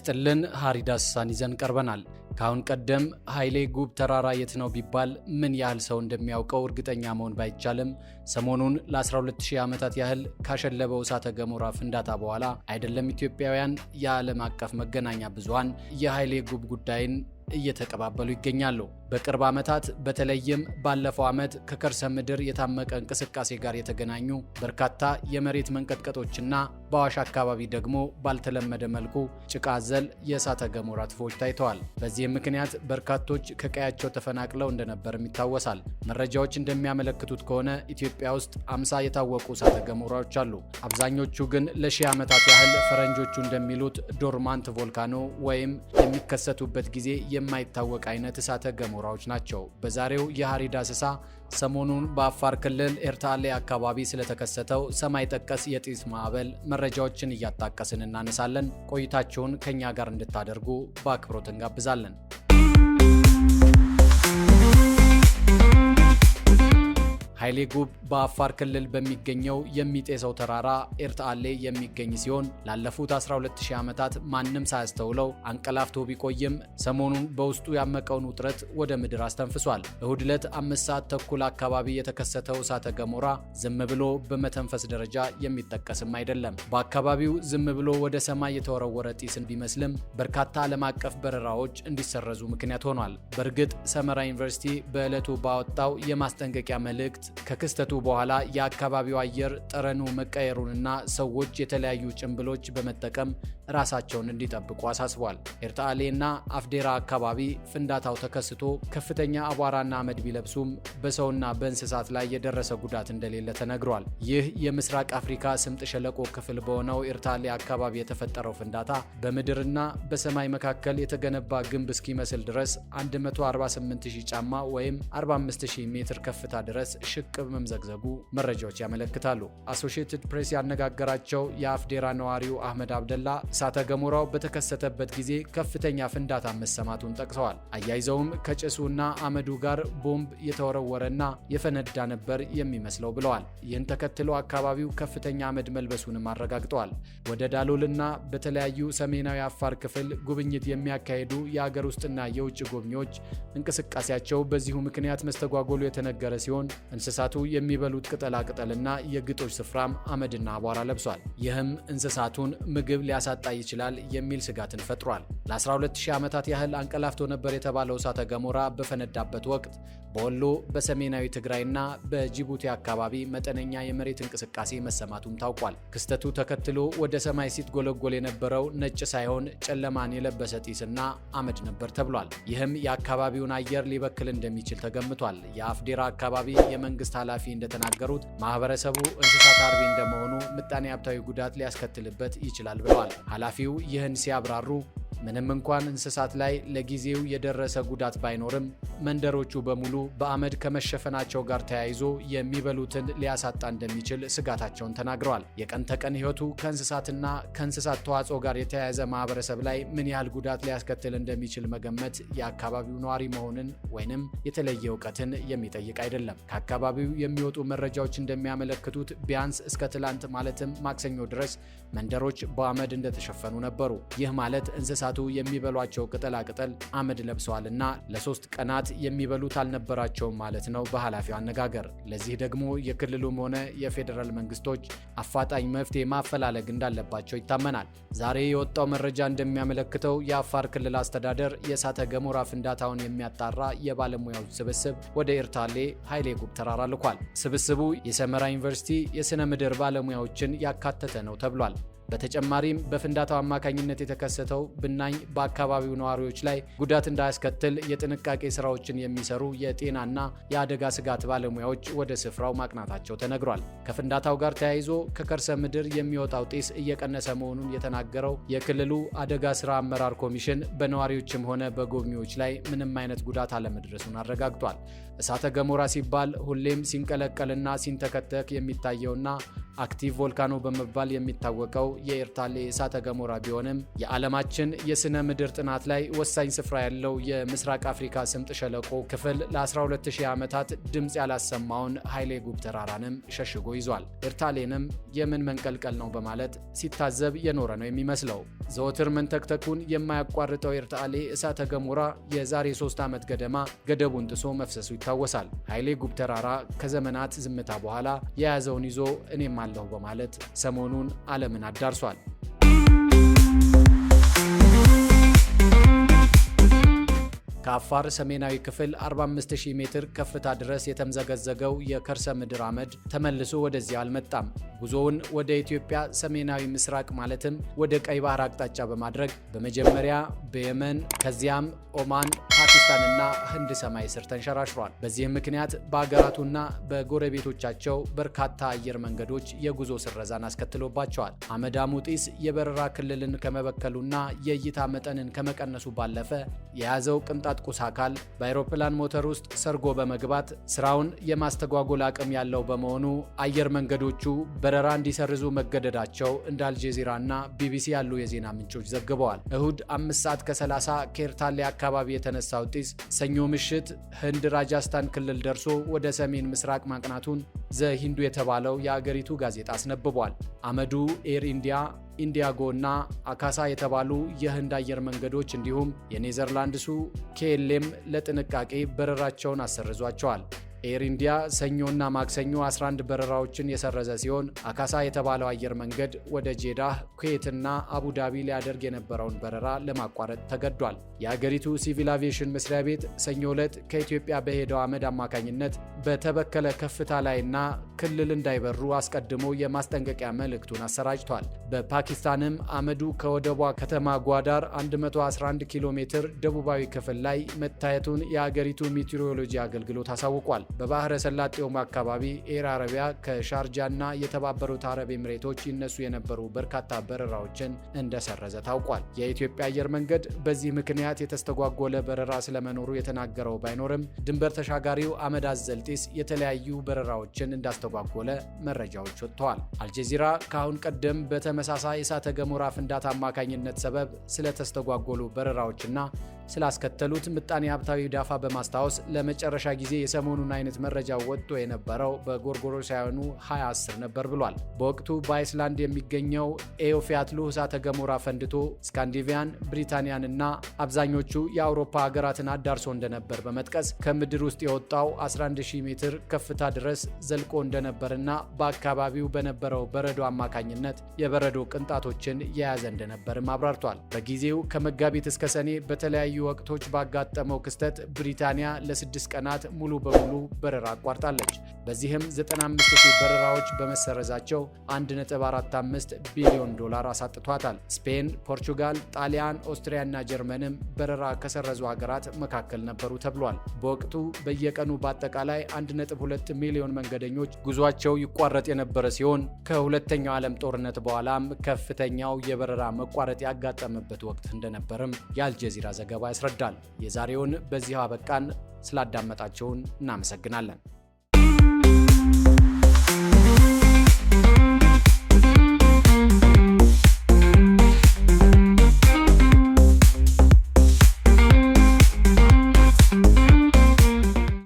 ይስጥልን። ሀሪ ዳስሳን ይዘን ቀርበናል። ከአሁን ቀደም ኃይሌ ጉብ ተራራ የት ነው ቢባል ምን ያህል ሰው እንደሚያውቀው እርግጠኛ መሆን ባይቻልም ሰሞኑን ለ12000 ዓመታት ያህል ካሸለበው እሳተ ገሞራ ፍንዳታ በኋላ አይደለም ኢትዮጵያውያን፣ የዓለም አቀፍ መገናኛ ብዙሃን የኃይሌ ጉብ ጉዳይን እየተቀባበሉ ይገኛሉ። በቅርብ ዓመታት በተለይም ባለፈው ዓመት ከከርሰ ምድር የታመቀ እንቅስቃሴ ጋር የተገናኙ በርካታ የመሬት መንቀጥቀጦችና በአዋሽ አካባቢ ደግሞ ባልተለመደ መልኩ ጭቃ አዘል የእሳተ ገሞራ ትፎች ታይተዋል። በዚህም ምክንያት በርካቶች ከቀያቸው ተፈናቅለው እንደነበርም ይታወሳል። መረጃዎች እንደሚያመለክቱት ከሆነ ኢትዮጵያ ውስጥ አምሳ የታወቁ እሳተ ገሞራዎች አሉ። አብዛኞቹ ግን ለሺህ ዓመታት ያህል ፈረንጆቹ እንደሚሉት ዶርማንት ቮልካኖ ወይም የሚከሰቱበት ጊዜ የማይታወቅ አይነት እሳተ ገሞራ ምሁራኖች ናቸው። በዛሬው የሐሪ ዳሰሳ ሰሞኑን በአፋር ክልል ኤርታሌ አካባቢ ስለተከሰተው ሰማይ ጠቀስ የጢስ ማዕበል መረጃዎችን እያጣቀስን እናነሳለን። ቆይታችሁን ከእኛ ጋር እንድታደርጉ በአክብሮት እንጋብዛለን። ኃይሌ ጉብ በአፋር ክልል በሚገኘው የሚጤሰው ተራራ ኤርትአሌ የሚገኝ ሲሆን ላለፉት 120 ዓመታት ማንም ሳያስተውለው አንቀላፍቶ ቢቆይም ሰሞኑን በውስጡ ያመቀውን ውጥረት ወደ ምድር አስተንፍሷል። እሁድ ዕለት አምስት ሰዓት ተኩል አካባቢ የተከሰተው እሳተ ገሞራ ዝም ብሎ በመተንፈስ ደረጃ የሚጠቀስም አይደለም። በአካባቢው ዝም ብሎ ወደ ሰማይ የተወረወረ ጢስን ቢመስልም በርካታ ዓለም አቀፍ በረራዎች እንዲሰረዙ ምክንያት ሆኗል። በእርግጥ ሰመራ ዩኒቨርሲቲ በዕለቱ ባወጣው የማስጠንቀቂያ መልእክት ከክስተቱ በኋላ የአካባቢው አየር ጠረኑ መቀየሩንና ሰዎች የተለያዩ ጭንብሎች በመጠቀም ራሳቸውን እንዲጠብቁ አሳስቧል። ኤርታሌና አፍዴራ አካባቢ ፍንዳታው ተከስቶ ከፍተኛ አቧራና አመድ ቢለብሱም በሰውና በእንስሳት ላይ የደረሰ ጉዳት እንደሌለ ተነግሯል። ይህ የምስራቅ አፍሪካ ስምጥ ሸለቆ ክፍል በሆነው ኤርታሌ አካባቢ የተፈጠረው ፍንዳታ በምድርና በሰማይ መካከል የተገነባ ግንብ እስኪመስል ድረስ 148000 ጫማ ወይም 45000 ሜትር ከፍታ ድረስ ሽቅብ መምዘግዘጉ መረጃዎች ያመለክታሉ። አሶሺየትድ ፕሬስ ያነጋገራቸው የአፍዴራ ነዋሪው አህመድ አብደላ እሳተ ገሞራው በተከሰተበት ጊዜ ከፍተኛ ፍንዳታ መሰማቱን ጠቅሰዋል። አያይዘውም ከጭሱና አመዱ ጋር ቦምብ የተወረወረና የፈነዳ ነበር የሚመስለው ብለዋል። ይህን ተከትሎ አካባቢው ከፍተኛ አመድ መልበሱንም አረጋግጠዋል። ወደ ዳሎልና በተለያዩ ሰሜናዊ አፋር ክፍል ጉብኝት የሚያካሄዱ የአገር ውስጥና የውጭ ጎብኚዎች እንቅስቃሴያቸው በዚሁ ምክንያት መስተጓጎሉ የተነገረ ሲሆን እንስሳቱ የሚበሉት ቅጠላቅጠልና የግጦሽ ስፍራም አመድና አቧራ ለብሷል። ይህም እንስሳቱን ምግብ ሊያሳጣ ይችላል የሚል ስጋትን ፈጥሯል። ለ120 ዓመታት ያህል አንቀላፍቶ ነበር የተባለው እሳተ ገሞራ በፈነዳበት ወቅት በወሎ በሰሜናዊ ትግራይና በጅቡቲ አካባቢ መጠነኛ የመሬት እንቅስቃሴ መሰማቱም ታውቋል። ክስተቱ ተከትሎ ወደ ሰማይ ሲትጎለጎል የነበረው ነጭ ሳይሆን ጨለማን የለበሰ ጢስና አመድ ነበር ተብሏል። ይህም የአካባቢውን አየር ሊበክል እንደሚችል ተገምቷል። የአፍዴራ አካባቢ የመንግስት መንግስት ኃላፊ እንደተናገሩት ማህበረሰቡ እንስሳት አርቢ እንደመሆኑ ምጣኔ ሀብታዊ ጉዳት ሊያስከትልበት ይችላል ብለዋል። ኃላፊው ይህን ሲያብራሩ ምንም እንኳን እንስሳት ላይ ለጊዜው የደረሰ ጉዳት ባይኖርም መንደሮቹ በሙሉ በአመድ ከመሸፈናቸው ጋር ተያይዞ የሚበሉትን ሊያሳጣ እንደሚችል ስጋታቸውን ተናግረዋል። የቀን ተቀን ህይወቱ ከእንስሳትና ከእንስሳት ተዋጽኦ ጋር የተያያዘ ማህበረሰብ ላይ ምን ያህል ጉዳት ሊያስከትል እንደሚችል መገመት የአካባቢው ነዋሪ መሆንን ወይንም የተለየ እውቀትን የሚጠይቅ አይደለም። ከአካባቢ አካባቢው የሚወጡ መረጃዎች እንደሚያመለክቱት ቢያንስ እስከ ትላንት ማለትም ማክሰኞ ድረስ መንደሮች በአመድ እንደተሸፈኑ ነበሩ። ይህ ማለት እንስሳቱ የሚበሏቸው ቅጠላቅጠል አመድ ለብሰዋልና ለሶስት ቀናት የሚበሉት አልነበራቸውም ማለት ነው በኃላፊው አነጋገር። ለዚህ ደግሞ የክልሉም ሆነ የፌዴራል መንግስቶች አፋጣኝ መፍትሄ ማፈላለግ እንዳለባቸው ይታመናል። ዛሬ የወጣው መረጃ እንደሚያመለክተው የአፋር ክልል አስተዳደር የእሳተ ገሞራ ፍንዳታውን የሚያጣራ የባለሙያዎች ስብስብ ወደ ኤርታሌ ኃይሌ ጉብ ተራራ አመራር ልኳል። ስብስቡ የሰመራ ዩኒቨርሲቲ የሥነ ምድር ባለሙያዎችን ያካተተ ነው ተብሏል። በተጨማሪም በፍንዳታው አማካኝነት የተከሰተው ብናኝ በአካባቢው ነዋሪዎች ላይ ጉዳት እንዳያስከትል የጥንቃቄ ስራዎችን የሚሰሩ የጤናና የአደጋ ስጋት ባለሙያዎች ወደ ስፍራው ማቅናታቸው ተነግሯል። ከፍንዳታው ጋር ተያይዞ ከከርሰ ምድር የሚወጣው ጢስ እየቀነሰ መሆኑን የተናገረው የክልሉ አደጋ ስራ አመራር ኮሚሽን በነዋሪዎችም ሆነ በጎብኚዎች ላይ ምንም አይነት ጉዳት አለመድረሱን አረጋግጧል። እሳተ ገሞራ ሲባል ሁሌም ሲንቀለቀልና ሲንተከተክ የሚታየውና አክቲቭ ቮልካኖ በመባል የሚታወቀው የኤርታሌ እሳተ ገሞራ ቢሆንም የዓለማችን የሥነ ምድር ጥናት ላይ ወሳኝ ስፍራ ያለው የምስራቅ አፍሪካ ስምጥ ሸለቆ ክፍል ለ12000 ዓመታት ድምፅ ያላሰማውን ኃይሌ ጉብ ተራራንም ሸሽጎ ይዟል። ኤርታሌንም የምን መንቀልቀል ነው በማለት ሲታዘብ የኖረ ነው የሚመስለው። ዘወትር መንተክተኩን የማያቋርጠው ኤርታሌ እሳተ ገሞራ የዛሬ 3 ዓመት ገደማ ገደቡን ጥሶ መፍሰሱ ይታወሳል። ኃይሌ ጉብ ተራራ ከዘመናት ዝምታ በኋላ የያዘውን ይዞ እኔም እጠቀማለሁ በማለት ሰሞኑን ዓለምን አዳርሷል። ከአፋር ሰሜናዊ ክፍል 45000 ሜትር ከፍታ ድረስ የተምዘገዘገው የከርሰ ምድር አመድ ተመልሶ ወደዚያ አልመጣም። ጉዞውን ወደ ኢትዮጵያ ሰሜናዊ ምስራቅ ማለትም ወደ ቀይ ባህር አቅጣጫ በማድረግ በመጀመሪያ በየመን ከዚያም ኦማን፣ ፓኪስታንና ህንድ ሰማይ ስር ተንሸራሽሯል። በዚህም ምክንያት በአገራቱና በጎረቤቶቻቸው በርካታ አየር መንገዶች የጉዞ ስረዛን አስከትሎባቸዋል። አመዳሙ ጢስ የበረራ ክልልን ከመበከሉና የእይታ መጠንን ከመቀነሱ ባለፈ የያዘው ቅንጣት ቁስ አካል በአውሮፕላን ሞተር ውስጥ ሰርጎ በመግባት ስራውን የማስተጓጎል አቅም ያለው በመሆኑ አየር መንገዶቹ በረራ እንዲሰርዙ መገደዳቸው እንደ አልጄዚራና ቢቢሲ ያሉ የዜና ምንጮች ዘግበዋል። እሁድ አምስት ሰዓት ከ30 ኬርታሌ አካባቢ የተነሳው ጢስ ሰኞ ምሽት ህንድ ራጃስታን ክልል ደርሶ ወደ ሰሜን ምስራቅ ማቅናቱን ዘ ሂንዱ የተባለው የአገሪቱ ጋዜጣ አስነብቧል። አመዱ ኤር ኢንዲያ፣ ኢንዲያጎ እና አካሳ የተባሉ የህንድ አየር መንገዶች እንዲሁም የኔዘርላንድሱ ኬኤልኤም ለጥንቃቄ በረራቸውን አሰርዟቸዋል። ኤር ኢንዲያ ሰኞና ማክሰኞ 11 በረራዎችን የሰረዘ ሲሆን አካሳ የተባለው አየር መንገድ ወደ ጄዳህ፣ ኩዌትና አቡዳቢ ሊያደርግ የነበረውን በረራ ለማቋረጥ ተገዷል። የአገሪቱ ሲቪል አቪዬሽን መስሪያ ቤት ሰኞ ዕለት ከኢትዮጵያ በሄደው አመድ አማካኝነት በተበከለ ከፍታ ላይና ክልል እንዳይበሩ አስቀድሞ የማስጠንቀቂያ መልእክቱን አሰራጭቷል። በፓኪስታንም አመዱ ከወደቧ ከተማ ጓዳር 111 ኪሎ ሜትር ደቡባዊ ክፍል ላይ መታየቱን የአገሪቱ ሚቴሮሎጂ አገልግሎት አሳውቋል። በባህረ ሰላጤውም አካባቢ ኤር አረቢያ ከሻርጃና የተባበሩት አረብ ኤምሬቶች ይነሱ የነበሩ በርካታ በረራዎችን እንደሰረዘ ታውቋል። የኢትዮጵያ አየር መንገድ በዚህ ምክንያት የተስተጓጎለ በረራ ስለመኖሩ የተናገረው ባይኖርም ድንበር ተሻጋሪው አመድ አዘል የተለያዩ በረራዎችን እንዳስተጓጎለ መረጃዎች ወጥተዋል። አልጀዚራ ከአሁን ቀደም በተመሳሳይ እሳተ ገሞራ ፍንዳታ አማካኝነት ሰበብ ስለተስተጓጎሉ በረራዎችና ስላስከተሉት ምጣኔ ሀብታዊ ዳፋ በማስታወስ ለመጨረሻ ጊዜ የሰሞኑን አይነት መረጃ ወጥቶ የነበረው በጎርጎሮሳውያኑ 2010 ነበር ብሏል። በወቅቱ በአይስላንድ የሚገኘው ኤዮፊያትሉ እሳተ ገሞራ ፈንድቶ ስካንዲቪያን፣ ብሪታንያን እና አብዛኞቹ የአውሮፓ ሀገራትን አዳርሶ እንደነበር በመጥቀስ ከምድር ውስጥ የወጣው 11000 ሜትር ከፍታ ድረስ ዘልቆ እንደነበርና በአካባቢው በነበረው በረዶ አማካኝነት የበረዶ ቅንጣቶችን የያዘ እንደነበርም አብራርቷል። በጊዜው ከመጋቢት እስከ ሰኔ በተለያዩ በተለያዩ ወቅቶች ባጋጠመው ክስተት ብሪታንያ ለስድስት ቀናት ሙሉ በሙሉ በረራ አቋርጣለች። በዚህም 95 በረራዎች በመሰረዛቸው 1.45 ቢሊዮን ዶላር አሳጥቷታል። ስፔን፣ ፖርቹጋል፣ ጣሊያን፣ ኦስትሪያ እና ጀርመንም በረራ ከሰረዙ ሀገራት መካከል ነበሩ ተብሏል። በወቅቱ በየቀኑ በአጠቃላይ 1.2 ሚሊዮን መንገደኞች ጉዟቸው ይቋረጥ የነበረ ሲሆን ከሁለተኛው ዓለም ጦርነት በኋላም ከፍተኛው የበረራ መቋረጥ ያጋጠመበት ወቅት እንደነበርም የአልጀዚራ ዘገባ ያስረዳል። የዛሬውን በዚህ አበቃን። ስላዳመጣቸውን እናመሰግናለን።